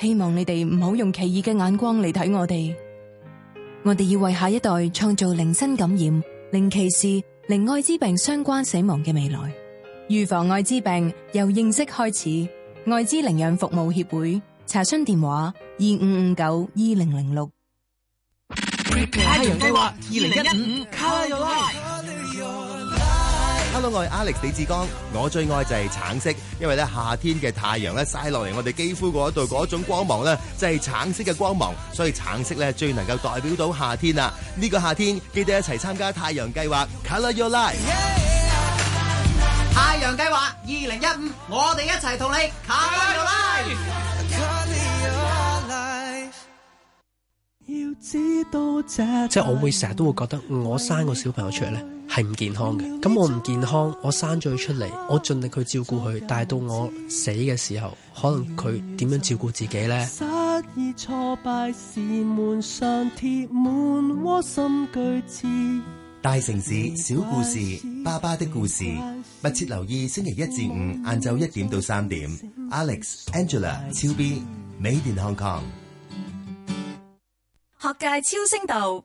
希望你哋唔好用奇異嘅眼光嚟睇我哋，我哋要為下一代創造零新感染、零歧視、零艾滋病相關死亡嘅未來。預防艾滋病由認識開始，艾滋領養服務協會查詢電話：二五五九二零零六。hello，我係 Alex 李志剛，我最愛就係橙色，因為咧夏天嘅太陽咧晒落嚟我哋肌膚嗰度嗰種光芒咧就係橙色嘅光芒，所以橙色咧最能夠代表到夏天啦。呢個夏天記得一齊參加太陽計劃，Color Your Life。太陽計劃二零一五，我哋一齊同你 Color Your Life。要知道，2015, 即係我會成日都會覺得我生個小朋友出嚟咧。係唔健康嘅，咁我唔健康，我生咗佢出嚟，我盡力去照顧佢，但係到我死嘅時候，可能佢點樣照顧自己咧？大城市小故事，爸爸的故事，密切留意星期一至五晏晝一點到三點，Alex、Angela、超 B、美電 Hong Kong，學界超聲道。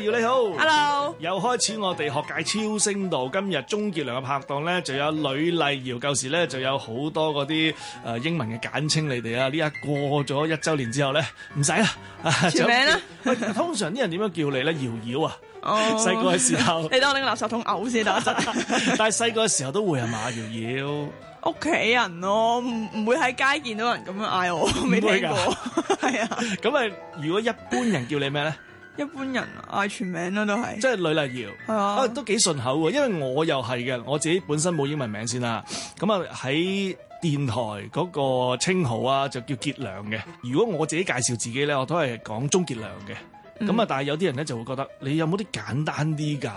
瑤你好，Hello！又開始我哋學界超新星，今日鍾傑良嘅拍檔咧，就有呂麗瑤。舊時咧就有好多嗰啲誒，英文嘅簡稱你哋啊。呢一過咗一周年之後咧，唔使啦，全名啦。通常啲人點樣叫你咧？瑤瑤啊，細個嘅時候，你等我拎個垃圾桶嘔先得。但係細個嘅時候都會係嘛？瑤瑤，屋企人咯，唔唔會喺街見到人咁樣嗌我，未睇過。係啊，咁啊，如果一般人叫你咩咧？一般人嗌全名啦，都係即係呂麗瑤，啊都幾順口喎，因為我又係嘅，我自己本身冇英文名先啦，咁啊喺電台嗰個稱號啊就叫傑良嘅，如果我自己介紹自己咧，我都係講鍾傑良嘅，咁啊、嗯、但係有啲人咧就會覺得你有冇啲簡單啲㗎，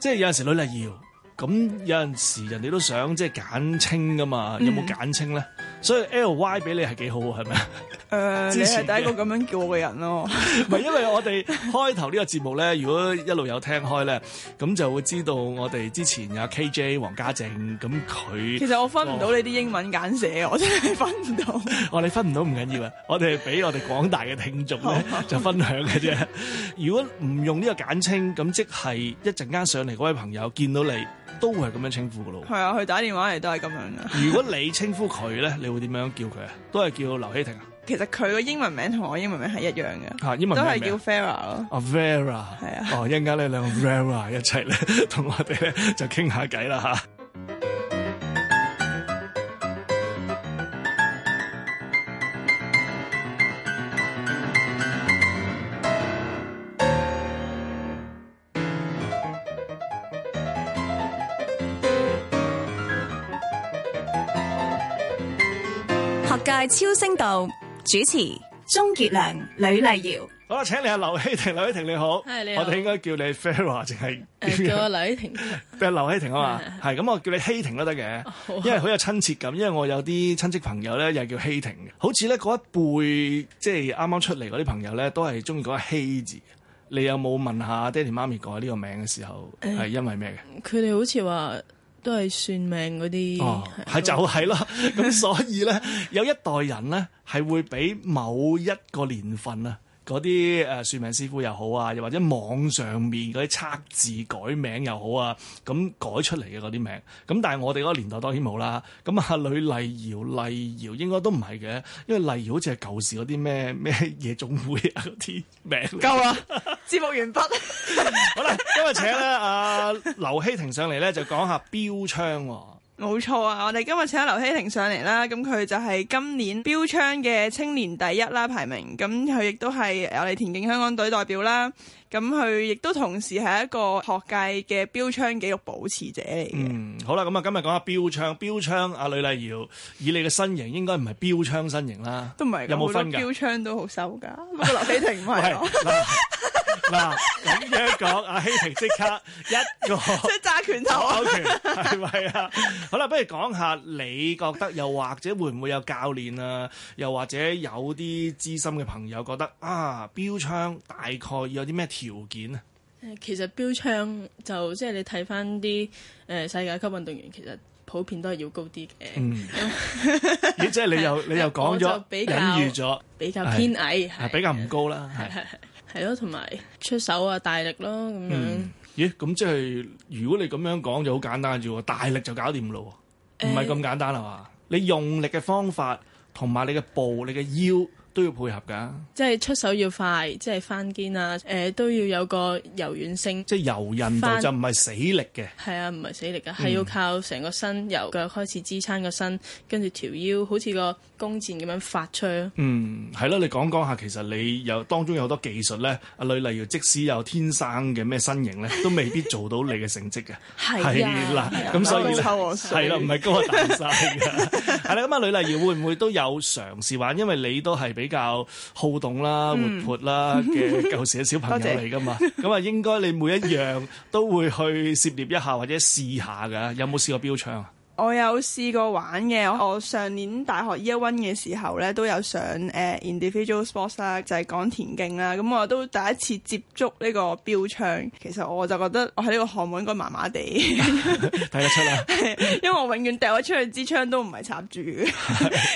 即係有陣時呂麗瑤。咁有陣時人哋都想即係簡稱噶嘛？有冇簡稱咧？嗯、所以 L Y 俾你係幾好，係咪？誒、呃，前你係第一個咁樣叫我嘅人咯。 唔係因為我哋開頭呢個節目咧，如果一路有聽開咧，咁就會知道我哋之前有 K J 黃家靖，咁佢其實我分唔到我你啲英文簡寫，我真係分唔到。我你分唔到唔緊要啊，我哋係俾我哋廣大嘅聽眾咧 就分享嘅啫。如果唔用呢個簡稱，咁即係一陣間上嚟嗰位朋友見到你，都會係咁樣稱呼噶咯，係啊，佢打電話嚟都係咁樣噶。 如果你稱呼佢咧，你會點樣叫佢啊？都係叫劉晞庭啊。其實佢個英文名同我英文名係一樣嘅，啊，英文名都係叫 Vera 咯。Vera、oh, 係 啊。哦，oh，一陣間你兩個 Vera 一齊咧，同我哋咧就傾下偈啦嚇。 係超聲道主持鍾杰良、呂麗瑤。好啦，請你阿劉晞庭，劉晞庭你好，Hi, 你好我哋應該叫你 Fera 淨係叫阿劉晞庭，係劉 晞庭啊嘛，係咁 Yeah. 我叫你晞庭都得嘅，oh. 因為好有親切感。因為我有啲親戚朋友咧，又叫晞庭嘅，好似咧嗰一輩即係啱啱出嚟嗰啲朋友咧，都係中意嗰個晞、hey、字。你有冇問下爹哋媽咪改呢個名嘅時候係、uh, 因為咩嘅？佢哋、uh, 好似話。都係算命嗰啲，係、哦嗯、就係咯。咁 所以咧，有一代人咧係會俾某一個年份啊。嗰啲誒算命師傅又好啊，又或者網上面嗰啲測字改名又好啊，咁改出嚟嘅嗰啲名，咁但係我哋嗰年代當然冇啦。咁啊，呂麗瑤，麗瑤應該都唔係嘅，因為麗瑤好似係舊時嗰啲咩咩夜總會啊嗰啲名，夠啦了，節目完畢。好啦，今日請咧阿、啊、劉晞庭上嚟咧，就講下標槍、哦。冇錯啊！我哋今日請阿劉晞庭上嚟啦，咁佢就係今年標槍嘅青年第一啦、啊，排名。咁佢亦都係我哋田徑香港隊代表啦。咁佢亦都同時係一個學界嘅標槍紀錄保持者嚟嘅、嗯。好啦，咁啊今日講下標槍，標槍。阿呂麗瑤，以你嘅身形應該唔係標槍身形啦，都唔係，有冇分㗎？標槍都好瘦㗎，不過劉晞庭唔係。 嗱咁 樣講，阿晞庭即刻一個即係揸拳頭啊，係咪啊？ 好啦，不如講下你覺得，又或者會唔會有教練啊？又或者有啲資深嘅朋友覺得啊，標槍大概有啲咩條件啊？其實標槍就即係、就是、你睇翻啲誒世界級運動員，其實普遍都係要高啲嘅。即係你又你又講咗，隱喻咗比較偏矮，比較唔高啦。係咯，同埋出手啊，大力咯咁樣。咦、嗯？咁即係如果你咁樣講就好簡單啫喎，大力就搞掂啦喎。唔係咁簡單啊嘛，你用力嘅方法同埋你嘅步、你嘅腰。都要配合㗎，即係出手要快，即、就、係、是、翻肩啊！誒、呃，都要有個柔軟性，即係柔韌度就唔係翻 死力嘅。係啊，唔係死力嘅，係、嗯、要靠成個身由腳開始支撐個身，嗯、跟住條腰好似個弓箭咁樣發出。嗯，係咯，你講講下，其實你有當中有好多技術咧，阿呂麗瑤即使有天生嘅咩身形咧，都未必做到你嘅成績嘅。係 啦，咁、嗯、所以係啦，唔係高大曬嘅。係 啦，咁、嗯、阿、嗯嗯、呂麗瑤會唔會都有嘗試玩？因為你都係。比較好動啦、活潑啦嘅舊時嘅小朋友嚟噶嘛，咁啊 多謝 應該你每一樣都會去涉獵一下或者試下嘅，有冇試過標槍啊？我有試過玩嘅，我上年大學 year one 嘅時候咧，都有上誒、uh, individual sports 啦，就係講田徑啦。咁我都第一次接觸呢個標槍，其實我就覺得我喺呢個項目應該麻麻地睇得出啦。 因為我永遠掉咗出去支槍都唔係插住嘅，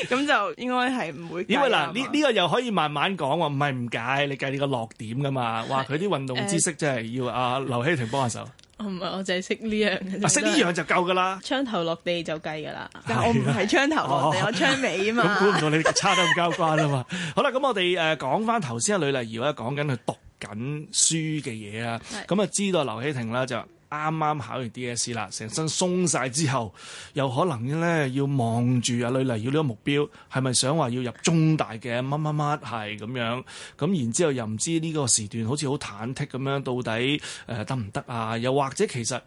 咁 就應該係唔會。 因為嗱呢呢個又可以慢慢講喎，唔係唔解，你計呢個落點噶嘛。哇，佢啲運動知識真係要阿劉晞庭幫下手。唔係、啊，我就係識呢樣。識呢、啊、樣就夠噶啦。槍頭落地就計噶啦。但我唔係槍頭落地，哦、我槍尾啊嘛。咁估唔到你差得咁交關啦嘛。 好啦，咁、嗯、我哋誒講翻頭先阿呂麗瑤咧，講緊佢讀緊書嘅嘢啊。咁啊是，就知道劉晞庭啦就。啱啱考完 DSE 啦，成身鬆晒之後，有可能咧要望住阿呂麗瑤呢個目標，係咪想話要入中大嘅乜乜乜係咁樣咁，然之後又唔知呢個時段好似好忐忑咁樣，到底誒得唔得啊？又或者其實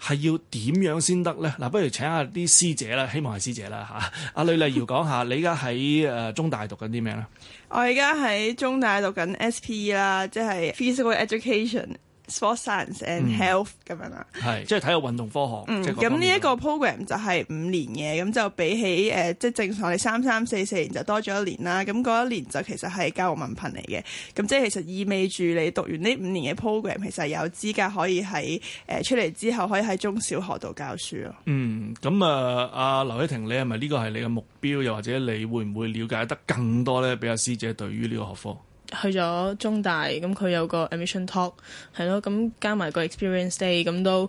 係要點樣先得咧？嗱、啊，不如請下啲師姐啦，希望係師姐啦嚇。阿、啊、呂麗瑤講下 你而家喺誒中大讀緊啲咩咧？我而家喺中大讀緊 S.P.E 啦，即係 Physical Education。sport science and health 咁、嗯、樣啦，係是即係體育運動科學。嗯，咁呢一個 program 就係五年嘅，咁就比起誒、呃、即係正常你三三四四年就多咗一年啦。咁嗰一年就其實係教育文憑嚟嘅，咁即係其實意味住你讀完呢五年嘅 program，me, 其實有資格可以喺誒、呃、出嚟之後可以喺中小學度教書咯。嗯，咁啊，阿劉晞庭，你係咪呢個係你嘅目標？又或者你會唔會了解得更多咧？比阿師姐對於呢個學科？去咗中大，咁佢有個 admission talk，係咯，咁加埋個 experience day，咁都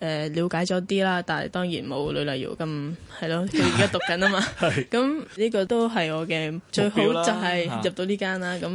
誒瞭、呃、解咗啲啦，但係當然冇呂麗瑤咁係咯，佢而家讀緊啊嘛，咁呢 是的 個都係我嘅最好就係入到呢間啦，咁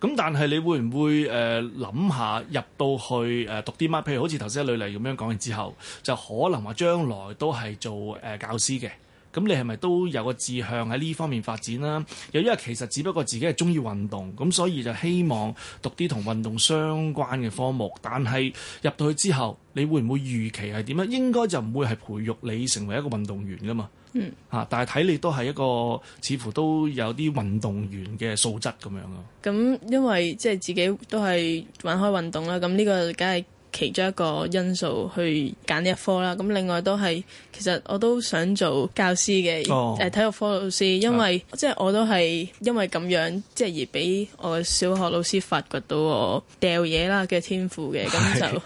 咁的那但係你會唔會誒諗、呃、下入到去誒、呃、讀啲乜？譬如好似頭先呂麗瑤咁樣講完之後，就可能話將來都係做誒、呃、教師嘅。咁你係咪都有個志向喺呢方面發展啦？又因為其實只不過自己係鍾意運動，咁所以就希望讀啲同運動相關嘅科目。但係入到去之後，你會唔會預期係點樣？應該就唔會係培育你成為一個運動員㗎嘛。嗯。嚇！但係睇你都係一個似乎都有啲運動員嘅素質咁樣咯。咁、嗯、因為即係自己都係玩開運動啦，咁呢個梗係。其中一個因素去揀呢一科啦，咁另外都係，其實我都想做教師嘅，誒、oh. 呃、體育科老師，因為 Yeah. 即係我都係因為咁樣，即係而俾我嘅小學老師發掘到我掉嘢啦嘅天賦嘅，咁 Yeah. 就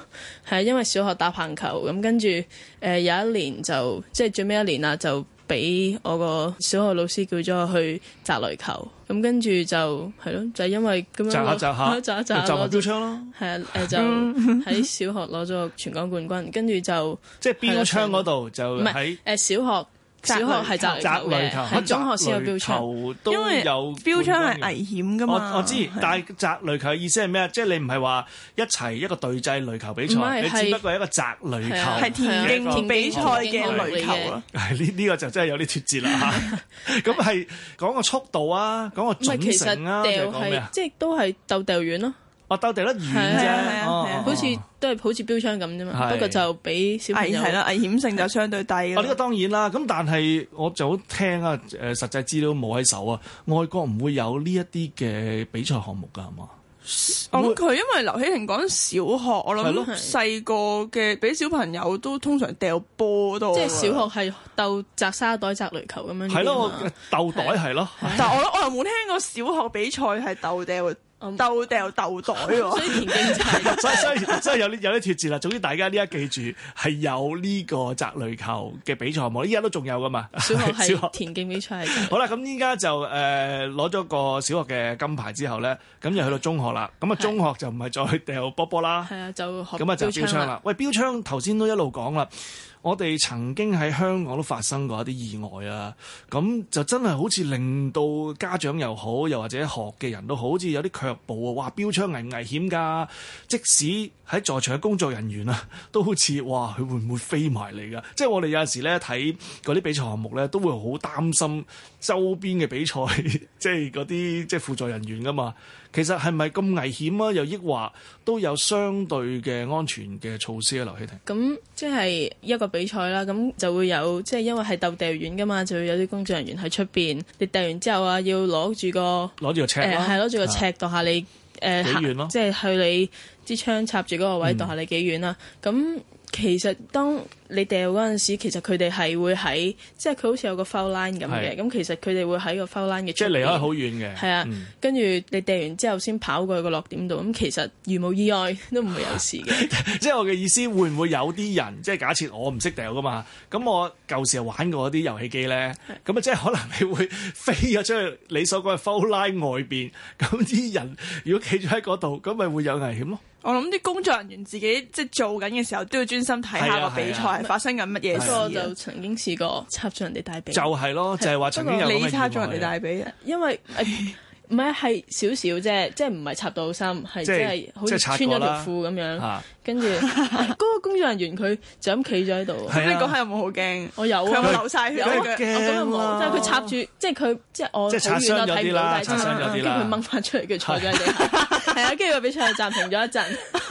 係 因為小學打棒球，咁跟住誒、呃、有一年就即係最尾一年啦就。俾我個小學老師叫咗我去砸雷球，咁跟住就係咯，就係、因為咁樣，摘下摘一摘我摘下標槍咯，係誒 就喺小學攞咗個全港冠軍，跟住就即係邊個槍嗰度就唔係誒小學。小學係擲擲壘球，我中學先有標球，都有標槍係危險噶嘛。我我知，但係擲壘球嘅意思係咩啊？即係你唔係話一齊一個對制壘球比賽，你只不過一個擲壘球，係田徑比賽嘅壘球咯。呢呢個就真係有啲脫節啦。咁係講個速度啊，講個準繩啊，定係講咩啊？即係都係鬥鬥丟遠咯。我鬥地得遠啫，好似都係好似標槍咁啫嘛。不過就俾小朋友，危險啦，危險性就相對低咯。呢個當然啦。咁但係我就好聽啊，誒實際資料冇喺手啊。外國唔會有呢一啲嘅比賽項目㗎，係嘛？我諗佢因為劉晞庭講小學，我諗細個嘅俾小朋友都通常掉波多。即係小學係鬥擲沙袋、擲雷球咁樣。係咯，鬥袋係咯。但係我我又冇聽過小學比賽係鬥掉。鬥掉鬥袋喎， 所以田徑就係， 所以所以所以有啲有啲脫節啦。總之大家呢一刻記住係有呢個擲壘球嘅比賽冇？依家都仲有噶嘛。小學係田徑比賽係、就係、 好啦，咁依家就誒攞咗個小學嘅金牌之後咧，咁又去到中學啦。咁啊中學就唔係再掉波波啦，係啊就咁啊就，就標槍啦。標槍喂，標槍頭先都一路講啦。我哋曾經喺香港都發生過一啲意外啊！咁就真係好似令到家長又好，又或者學嘅人都好似有啲卻步啊！話標槍危危險㗎，即使喺在場嘅工作人員啊，都好似哇佢會唔會飛埋嚟㗎？即係我哋有陣時咧睇嗰啲比賽項目咧，都會好擔心周邊嘅比賽，即係嗰啲即係輔助人員㗎嘛。其實係咪咁危險啊？又抑或都有相對嘅安全嘅措施啊？劉晞庭，咁即係一個比賽啦，咁就會有即係因為係鬥掉遠㗎嘛，就會有啲工作人員喺出邊。你掉完之後啊，要攞住個攞住個尺，係攞住個尺度下你誒幾、呃、遠咯、啊，即係去你支槍插住嗰個位度下你幾遠啦、啊。咁、嗯、其實當你掉嗰陣時，其實佢哋係會喺，即係佢好似有個 foul line 咁嘅，咁是其實佢哋會喺個 foul line 嘅即係離開好遠嘅。係啊，跟住、嗯、你掟完之後先跑過去個落點度，咁其實如無意外都唔會有事嘅。 即係我嘅意思，會唔會有啲人，即係假設我唔識掉噶嘛，咁我舊時玩過啲遊戲機咧，咁啊是即係可能你會飛咗出去你所講嘅 foul line 外邊，咁啲人如果企咗喺嗰度，咁咪會有危險咯。我諗啲工作人員自己即係做緊嘅時候，都要專心睇下個比賽。發生緊乜嘢？所以我就曾經試過插咗人哋大髀，就係咯，就係話曾經有。不過你插咗人哋大髀，因為唔係係少少啫，即係唔係插到深，係即係好似穿咗條褲咁樣。跟住嗰個工作人員佢就咁企咗喺度。咁你講下有冇好驚？我有啊，流晒血啊，驚。咁又冇，但係佢插住，即係佢，即係我。即係插傷咗啲啦，插傷咗啲啦。跟住佢掹翻出嚟，跟住坐裁判，係啊，跟住個比賽暫停咗一陣，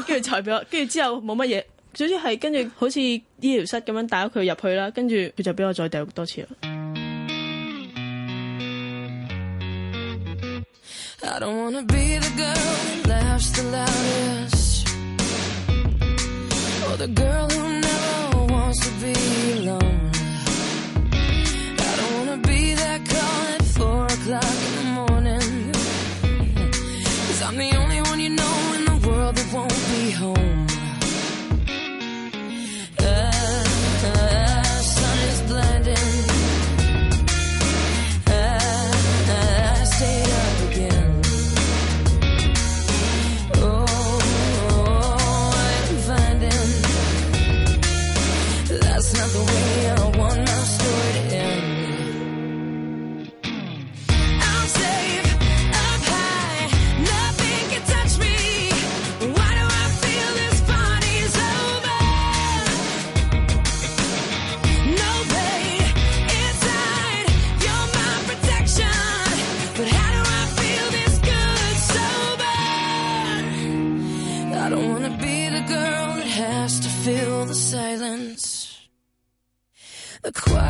跟住裁判，跟住之後冇乜嘢。總之係跟住好似醫療室咁樣帶咗佢入去啦，跟住佢就俾我再掉多次啦。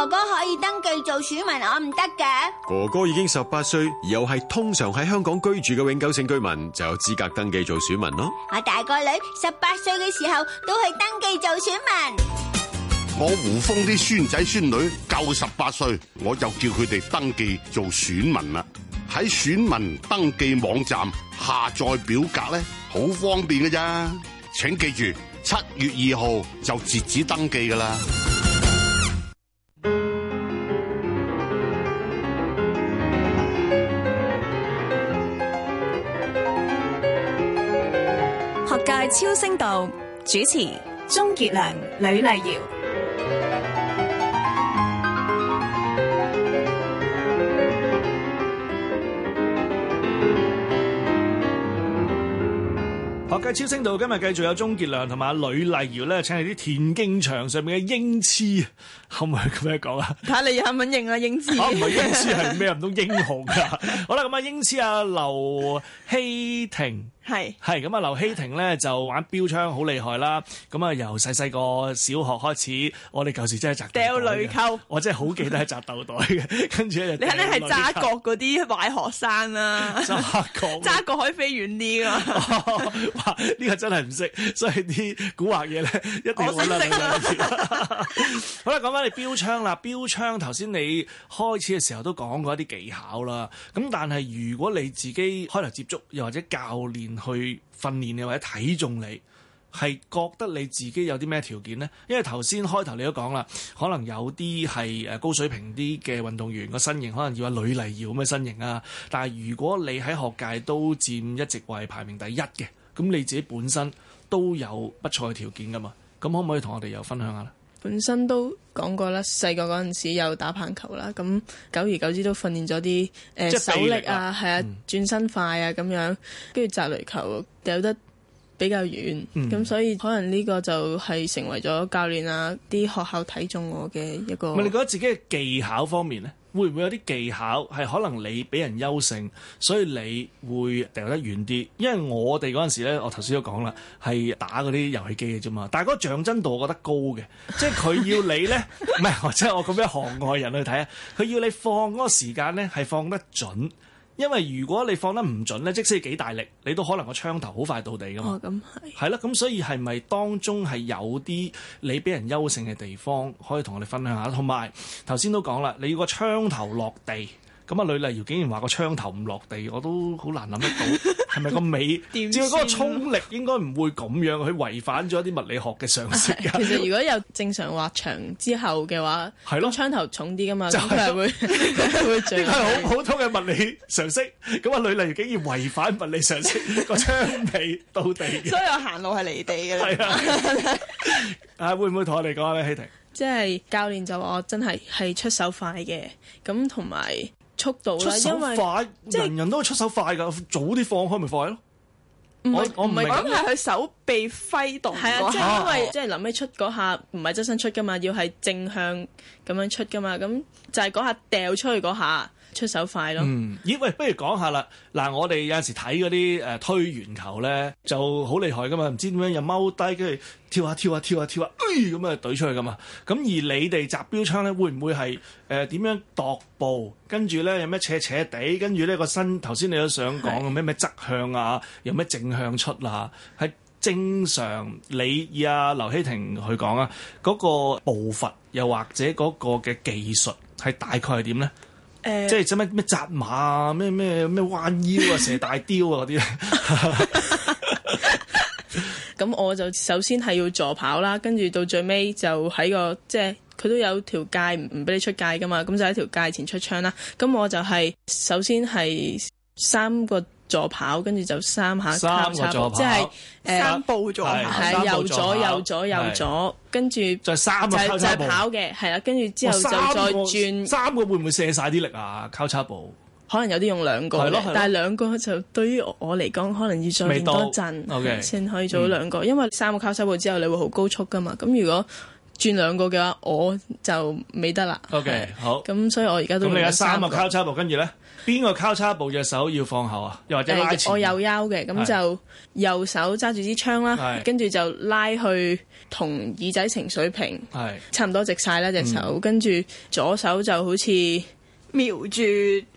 哥哥可以登記做選民，我唔得嘅。哥哥已經十八歲，又係通常喺香港居住嘅永久性居民，就有資格登記做選民咯。我大個女十八歲嘅時候都去登記做選民。我胡峰啲孫仔孫女夠十八歲，我就叫佢哋登記做選民啦。喺選民登記網站下載表格咧，好方便㗎啫。請記住，七月二號就截止登記噶啦。超聲道主持鍾傑良、呂麗瑤，學界超聲道今日繼續有鍾傑良同埋啊呂麗瑤咧，請嚟啲田徑場上面嘅英雌可唔可以咁樣講啊？睇下你肯唔肯應啦，英雌啊，唔係英雌係咩？唔通英雄啊？ 好啦，咁啊，英雌啊，劉晞庭。係係咁啊！劉晞庭咧就玩標槍好厲害啦。咁、嗯、啊，由細細個小學開始，我哋舊時真係砸豆袋嘅，我真係好記得係砸豆袋嘅。跟住咧，你肯定係揸角嗰啲壞學生啦、啊。揸角扎角可以飛遠啲啊！哇，呢、這個真係唔識，所以啲古惑嘢咧一定要穩甩。好講啦，講翻你標槍啦，標槍頭先你開始嘅時候都講過一啲技巧啦。咁但係如果你自己開頭接觸，又或者教練，去訓練你或者睇中你，係覺得你自己有啲咩條件呢？因為頭先開頭你都講啦，可能有啲係誒高水平啲嘅運動員個身形，可能要呂麗瑤咁嘅身形啊。但係如果你喺學界都佔一席位排名第一嘅，咁你自己本身都有不錯嘅條件㗎嘛。咁可唔可以同我哋又分享下呢？本身都講過啦，細個嗰陣時有打棒球啦，咁久而久之都訓練咗啲誒手力啊，係啊，啊轉身快啊咁樣，跟住擲壘球有得比較遠，咁、嗯、所以可能呢個就係成為咗教練啊，啲學校睇中我嘅一個。你覺得自己嘅技巧方面呢，會唔會有啲技巧係可能你俾人優勝，所以你會掉得遠啲？因為我哋嗰陣時咧，我頭先都講啦，係打嗰啲遊戲機嘅啫嘛。但係嗰個象真度我覺得高嘅，即係佢要你呢，唔係或者我咁樣行外人去睇啊，佢要你放嗰個時間呢，係放得準。因為如果你放得唔準咧，即使幾大力，你都可能個槍頭好快到地噶嘛。咁係、哦。係啦，咁所以係咪當中係有啲你俾人優勝嘅地方，可以同我哋分享下？同埋頭先都講啦，你要個槍頭落地。咁啊，呂麗瑤竟然話個槍頭唔落地，我都好難諗得到。 係咪個尾？照嗰個衝力，應該唔會咁樣，去違反咗啲物理學嘅常識。其實如果有正常滑翔之後嘅話，係咯，槍頭重啲噶嘛，就係會，咁會。好普通嘅物理常識，咁啊女例竟然違反物理常識，個槍尾倒地。所以我行路係離地嘅。係啊，啊會唔會同我哋講咧，晞庭？即係教練就話：我真係係出手快嘅，咁同埋。速度啦、啊，出手快，為人人都出手快噶，就是、早啲放開咪快咯是。我我唔係諗係佢手臂揮動，係啊，即、就、係、是、因為即係臨尾出嗰下，唔係側身出噶嘛，要係正向咁樣出噶嘛，咁就係嗰下掉出去嗰下。出手快咯，咦、嗯欸？喂，不如講下啦。嗱，我哋有陣時睇嗰啲誒推鉛球咧，就好厲害㗎嘛。唔知點樣又踎低，跟住跳下跳下跳下跳下，咁啊，懟、啊啊啊呃、出去㗎嘛。咁而你哋擲標槍咧，會唔會係誒點樣踱步？跟住咧有咩斜斜地？跟住呢個身頭先你都想講，有咩咩側向啊，有咩正向出啊？係正常你阿、啊、劉晞庭去講啊嗰、那個步伐，又或者嗰個嘅技術係大概係點咧？誒、欸，即係做乜咩扎馬彎啊，咩咩咩彎腰啊，成大雕啊嗰啲。咁我就首先係要助跑啦，跟住到最尾就喺個即係，佢都有條界唔唔俾你出界㗎嘛。咁就喺條界前出槍啦。咁我就係首先係三個。助跑，跟住就三下交叉步，即係誒三步左右，右左右左右左，跟住再三個交叉步。就就跑嘅，係啦，跟住之後就再轉三個會唔會卸晒啲力啊？交叉步可能有啲用兩個，但係兩個就對於我嚟講，可能要再練多陣先可以做到兩個，因為三個交叉步之後，你會好高速㗎嘛。咁如果轉兩個嘅話，我就未得啦。O K，好。咁所以我而家都咁，你有三個交叉步，跟住咧，邊個交叉步隻手要放後啊？又或者拉前？我有腰嘅，咁就右手揸住支槍啦，跟住就拉去同耳仔呈水平，差唔多直晒啦隻手，跟住左手就好似瞄住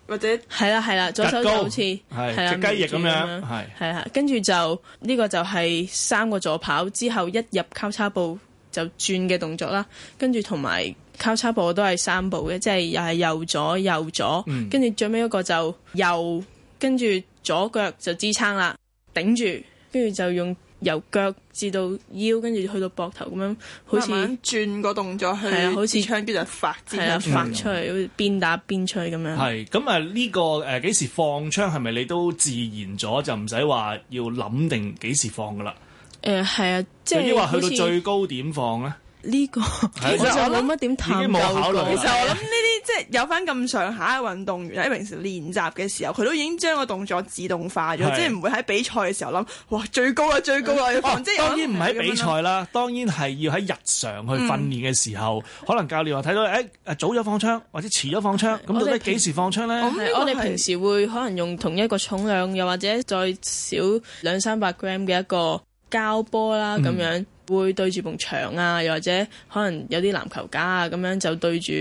或者係啦係啦，左手就好似係隻雞翼咁樣，係係啊，跟住就呢個就係三個助跑之後一入交叉步。就轉嘅動作啦，跟住同埋交叉步都係三步嘅，即係又係右左右左。嗯、跟住最尾一個就右，跟住左腳就支撐啦，頂住，跟住就用由腳至到腰，跟住去到膊頭咁樣，好似轉個動作啊，好似槍即就發，即係、啊、發好似、嗯、邊打邊吹咁樣。係咁啊，呢、呢個誒幾、呃、時放槍係咪你都自然咗，就唔使話要諗定幾時放㗎啦？誒係啊，即係點話去到最高點放咧？呢個其實我諗乜點考慮？其實我諗呢啲即係有翻咁上下嘅運動員喺平時練習嘅時候，佢都已經將個動作自動化咗，即係唔會喺比賽嘅時候諗哇最高啊最高啊要放！即當然唔喺比賽啦，當然係要喺日常去訓練嘅時候，可能教練話睇到誒早咗放槍或者遲咗放槍，咁到底幾時放槍咧？我哋平時會可能用同一個重量，又或者再少兩三百 gram 嘅一個。交波啦，咁樣、嗯、會對住埲牆啊，又或者可能有啲籃球架啊，咁樣就對住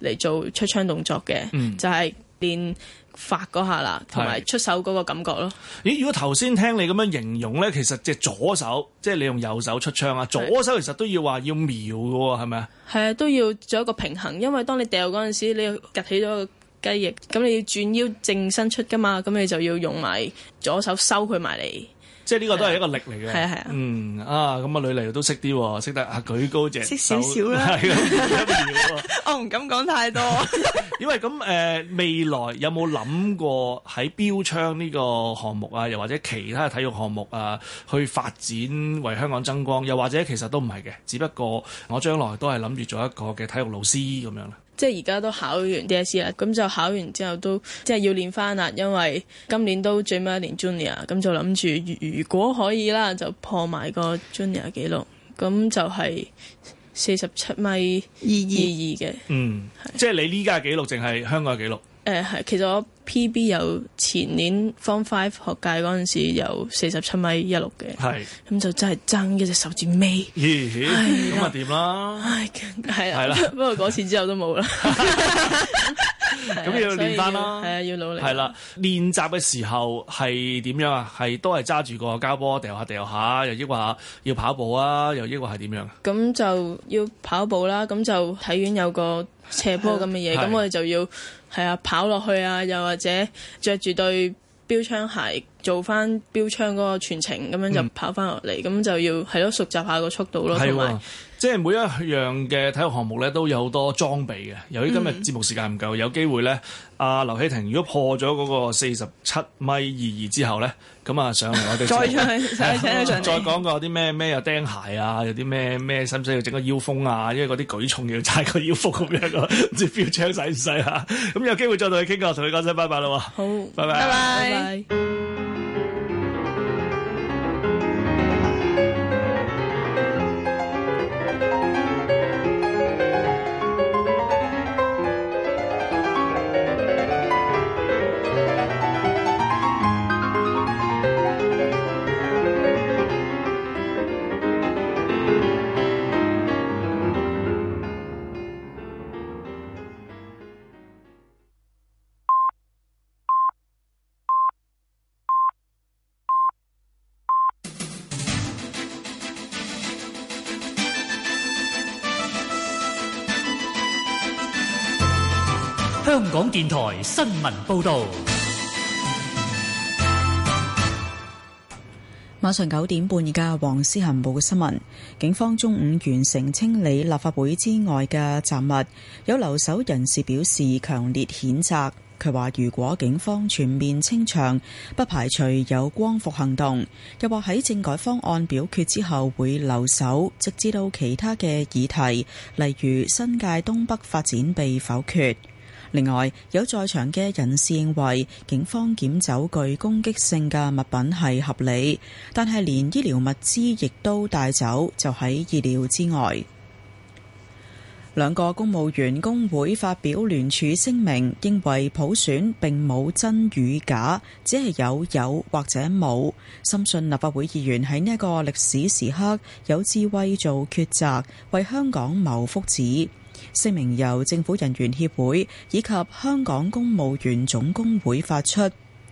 嚟做出槍動作嘅，嗯、就係練發嗰下啦，同埋是出手嗰個感覺咯。咦，如果頭先聽你咁樣形容呢，其實隻左手，即係你用右手出槍啊，左手其實都要話要瞄㗎喎，係咪啊？係啊，都要做一個平衡，因為當你掉嗰陣時，你要夾起咗個雞翼，咁你要轉腰正身出噶嘛，咁你就要用埋左手收佢埋嚟。即係呢個都係一個力嚟嘅，嗯啊，咁啊，嗯、啊女嚟都識啲喎，識得啊舉高隻，識少少啦，啊，係 我唔敢講太多。 因為咁誒、呃，未來有冇諗過喺標槍呢個項目啊，又或者其他嘅體育項目啊，去發展為香港爭光？又或者其實都唔係嘅，只不過我將來都係諗住做一個嘅體育老師咁樣啦。即係而家都考完 DSE 啦，咁就考完之後都即係要練翻啦，因為今年都最尾一年 Junior，咁就諗住如果可以啦，就破埋個 Junior 紀錄，咁就係四十七米二二二嘅。嗯，是即係你呢家嘅紀錄淨係香港嘅紀錄。誒係，其實我 PB 有前年 form five 學界嗰陣時有四十七米一六嘅，咁就真係爭一隻手指尾，咁咪掂啦。係啦，不過嗰次之後都冇啦。咁要練翻啦，係啊，要努力。係啦，練習嘅時候係點樣啊？係都係揸住個膠波掉下掉下，又抑或要跑步啊？又抑或係點樣？咁就要跑步啦。咁就體院有個斜坡咁嘅嘢，咁、嗯、我哋就要係啊，跑落去啊，又或者着住對標槍鞋做翻標槍嗰個全程，咁樣就跑翻落嚟，咁、嗯、就要係咯、啊、熟習下個速度咯。係啊、嗯，有即係每一樣嘅體育項目咧都有好多裝備嘅。由於今日節目時間唔夠，嗯、有機會咧。阿、啊、劉晞庭，如果破咗嗰個四十七米二二之後咧，咁啊上嚟我哋 再上，再請你上嚟。再講個啲咩咩又釘鞋啊，有啲咩咩，使唔使要整個腰封啊？因為嗰啲舉重要踩個腰腹咁樣咯，唔知標槍使唔使嚇？咁 有機會再同你傾過，同你講聲拜拜啦嘛。好，拜拜。電台新聞報道：晚上九點半，而家黃思恆報嘅新聞。警方中午完成清理立法會之外嘅雜物，有留守人士表示強烈譴責。佢話如果警方全面清場，不排除有光復行動。又話喺政改方案表決之後會留守，直至到其他嘅議題，例如新界東北發展被否決。另外，有在場嘅人士認為警方檢走具攻擊性嘅物品係合理，但係連醫療物資亦都帶走就喺意料之外。兩個公務員工會發表聯署聲明，認為普選並冇真與假，只係有有或者冇。深信立法會議員喺呢一個歷史時刻有智慧做抉擇，為香港謀福祉。聲明由政府人員協會以及香港公務員總工會發出，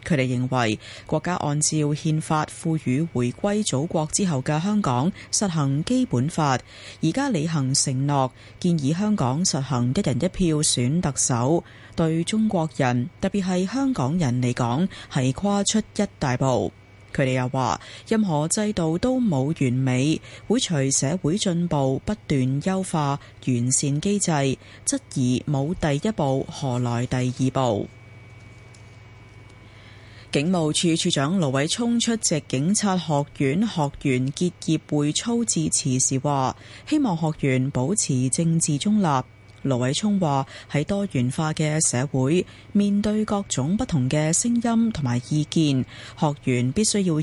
佢哋認為國家按照憲法賦予回歸祖國之後嘅香港實行基本法，而家履行承諾，建議香港實行一人一票選特首，對中國人，特別係香港人嚟講，係跨出一大步。佢哋又話：任何制度都冇完美，會隨社會進步不斷優化完善機制。質疑冇第一步，何來第二步？警務處處長盧偉聰出席警察學院學員結業會操致辭時話：希望學員保持政治中立。盧偉聰話：喺多元化嘅社會，面對各種不同嘅聲音同埋意見，學員必須要。